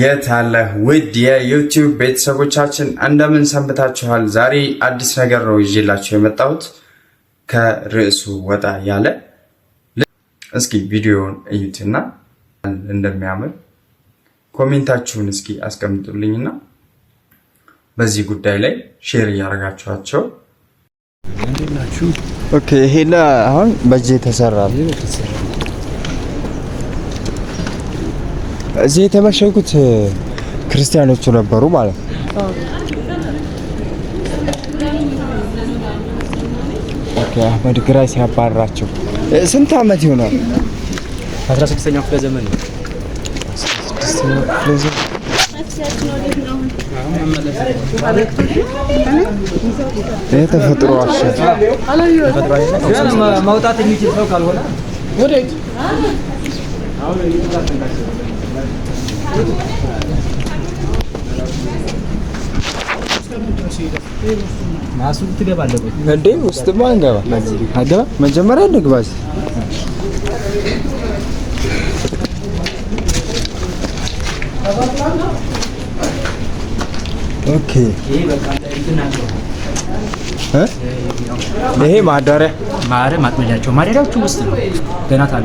የት አለህ ውድ የዩቲዩብ ቤተሰቦቻችን እንደምን ሰንብታችኋል? ዛሬ አዲስ ነገር ነው ይዤላችሁ የመጣሁት ከርዕሱ ወጣ ያለ። እስኪ ቪዲዮውን እዩትና እንደሚያምር ኮሜንታችሁን እስኪ አስቀምጡልኝና በዚህ ጉዳይ ላይ ሼር እያደረጋችኋቸው ይሄ አሁን በእጅ የተሰራ ነው እዚህ የተመሸጉት ክርስቲያኖቹ ነበሩ ማለት ነው። አህመድ ግራይ ሲያባራቸው ስንት አመት ይሆናል? 16ኛው ክፍለ ዘመን ነው። የተፈጥሮ መውጣት የሚችል ሰው ካልሆነ እንዴ ውስጥማ እንገባ አገባ መጀመሪያ እንግባ። ኦኬ ይሄ ማዳሪያ ማረ ማጥመጃቸው ማዳሪያዎቹ ውስጥ ነው ገና ታለ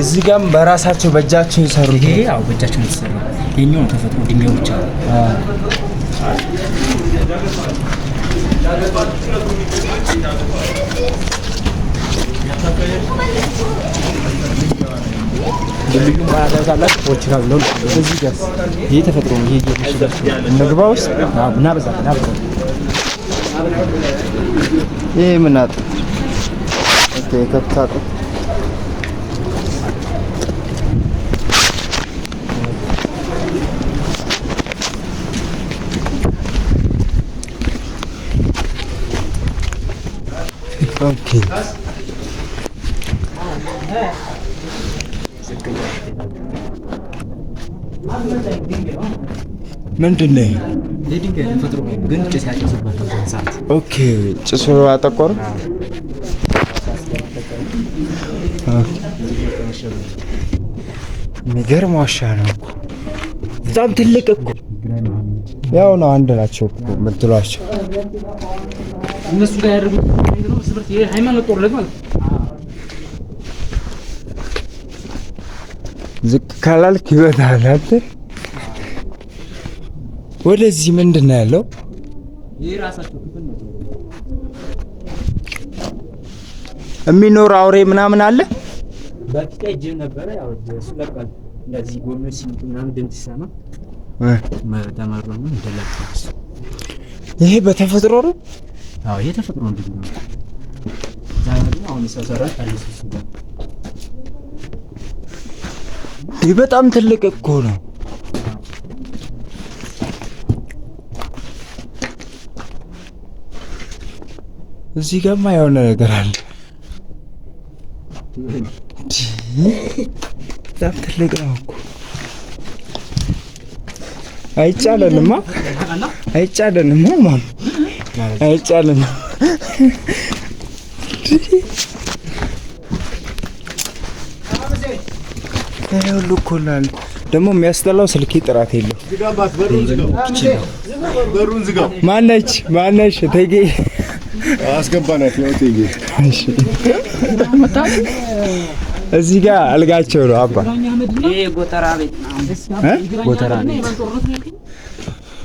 እዚህ ጋም በራሳቸው በእጃቸው ይሰሩ። ይሄ አዎ በእጃቸው የተሰራ የኛው ነው ተፈጥሮ ድንጋይ ብቻ ነው። ይሄ ከብት ኦኬ ምንድን ነው ኦኬ ጭሱ አጠቆረ የሚገርም ዋሻ ነው በጣም ትልቅ እኮ ያው ነው አንድ ናቸው እኮ የምትሏቸው እነሱ ጋር ያደርጉት ነው ስብርት የሃይማኖት ጦርነት ማለት ነው። ዝቅ ካላልክ ይበታል አይደል? ወደዚህ ምንድን ነው ያለው? የሚኖር አውሬ ምናምን አለ። በፊት ያው እንደዚህ ምናምን ነው ይሄ በተፈጥሮ ነው አዎ ይሄ ተፈጥሮ እንዲሁ ነው። ዛሬ ግን አሁን ሰው ሰራሽ አለሽ ይህ በጣም ትልቅ እኮ ነው። እዚህ ጋማ የሆነ ነገር አለ። በጣም ትልቅ ነው እኮ አይጫለንማ አይቻለንማ ማም አይቻልም። ሁሉ ኮላል ደግሞ የሚያስጠላው ስልኬ ጥራት የለው። ማነች ማነች እቴጌ አስገባናት። እዚህ ጋር አልጋቸው ነው አባ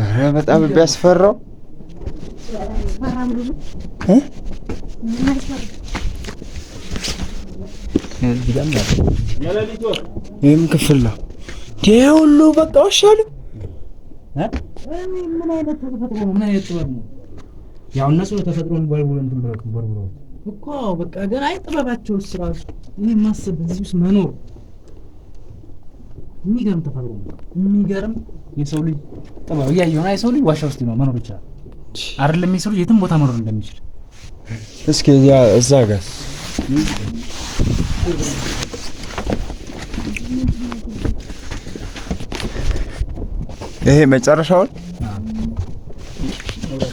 ኧረ በጣም ቢያስፈራው ይህም ክፍል ነው። ይህ ሁሉ በቃ ውሻ ነው። ምን አይነት ተፈጥሮ ነው? ምን አይነት ጥበብ ነው? ያው እነሱ ነው ተፈጥሮን በርቡር እንትን ብለው በርቡር እኮ በቃ ግን አይ ጥበባቸው ስራሱ እኔ ማስብ እዚህ ውስጥ መኖር የሚገርም ተፈጥሮ ነው። የሚገርም የሰው ልጅ ጥበብ እያየሁ ነው። የሰው ልጅ ዋሻ ውስጥ ነው መኖር ይችላል አይደለም? የሰው ልጅ የትም ቦታ መኖር እንደሚችል እስኪ ያ እዛ ጋር ይሄ መጨረሻውን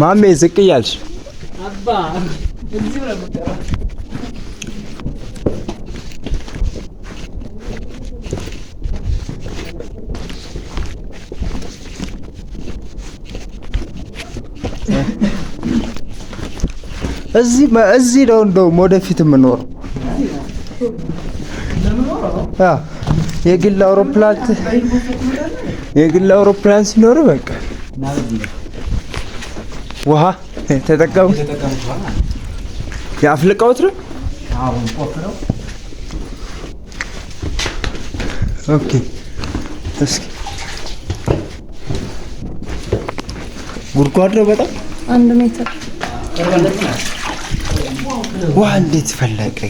ማሜ ዝቅ እያልሽ እዚህ እዚህ ነው እንደውም ወደፊት የምኖረው የግል አውሮፕላን የግል አውሮፕላን ሲኖር በቃ ውሃ ተጠቀሙ። የአፍልቀውት ነው። ኦኬ እስኪ ጉድጓድ ነው በጣም አንድ ሜትር ውሃ እንዴት ፈለቀ?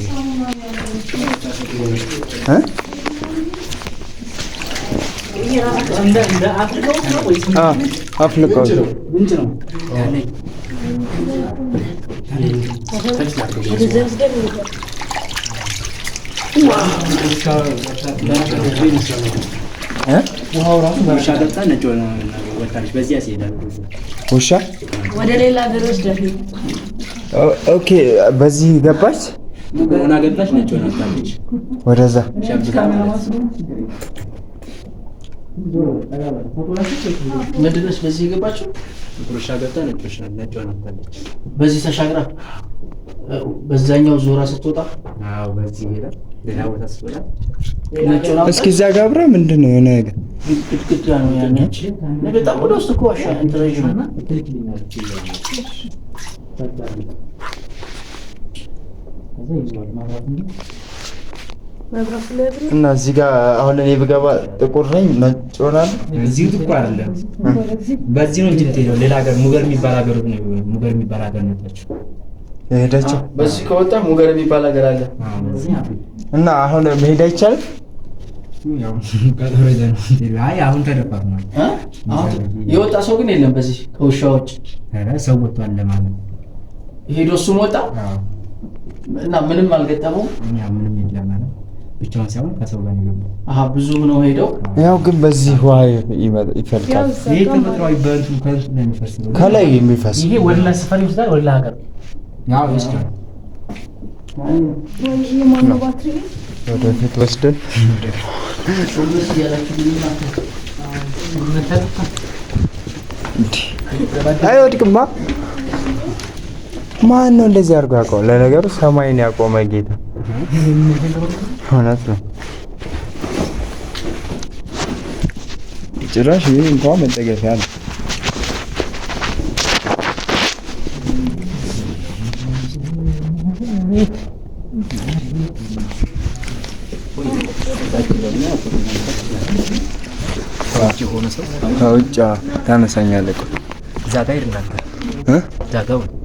አፍልቀው ውሻ ወደ ሌላ ሀገር ወስደህ ኦኬ፣ በዚህ ገባች ወደዛ ምንድነች? በዚህ የገባችው ቁርሻ ገብታ ነጭ ነጮ ነበረች። በዚህ ተሻግራ በዛኛው ዞራ ስትወጣ በዚህ ሄዳ ሌላ ቦታ ስትወጣ እስኪ ጋር አብራ ምንድን ነው የሆነ ግድግዳ ነው ያነች። በጣም ወደ ውስጥ እኮ ዋሻ እንትረዥም ነው እና እዚህ ጋር አሁን እኔ ብገባ ጥቁር ነኝ ነጭ ሆናል። እዚህ ጥቁር አይደለም፣ በዚህ ነው ጅብቴ ነው። ሌላ ሀገር ሙገር የሚባል ሀገር ነው። ሙገር የሚባል ሀገር መጣችሁ የሄዳችሁ። በዚህ ከወጣ ሙገር የሚባል ሀገር አለ እና አሁን መሄድ አይቻልም። አሁን ተደፋር የወጣ ሰው ግን የለም። በዚህ ከውሻዎች ሰው ወጥቷል ለማለት ሄዶ እሱም ወጣ እና ምንም አልገጠመውም። ምንም የለም ብቻውን ሳይሆን ከሰው ጋር የገባው አሀ ብዙ ነው ሄደው ያው ግን በዚህ ውሃ ይፈልቃል። ይሄ ተፈጥሯዊ በእንቱ ከሚፈስ ከላይ የሚፈስ ይሄ ወደ ላይ ሰፈር ይወስዳል። ወደ ላይ ሀገር ያው ይወስዳል። ወደፊት ወስደን አይወድቅማ። ማን ነው እንደዚህ አድርጎ ያውቀው? ለነገሩ ሰማይን ያቆመ ጌታ Lass Jetzt rasch hier im Comment, der Gefährden. ውጭ ሆነ ሰው ውጭ ታነሳኛለህ እዛ ጋ ሄድ እናንተ እዛ ጋ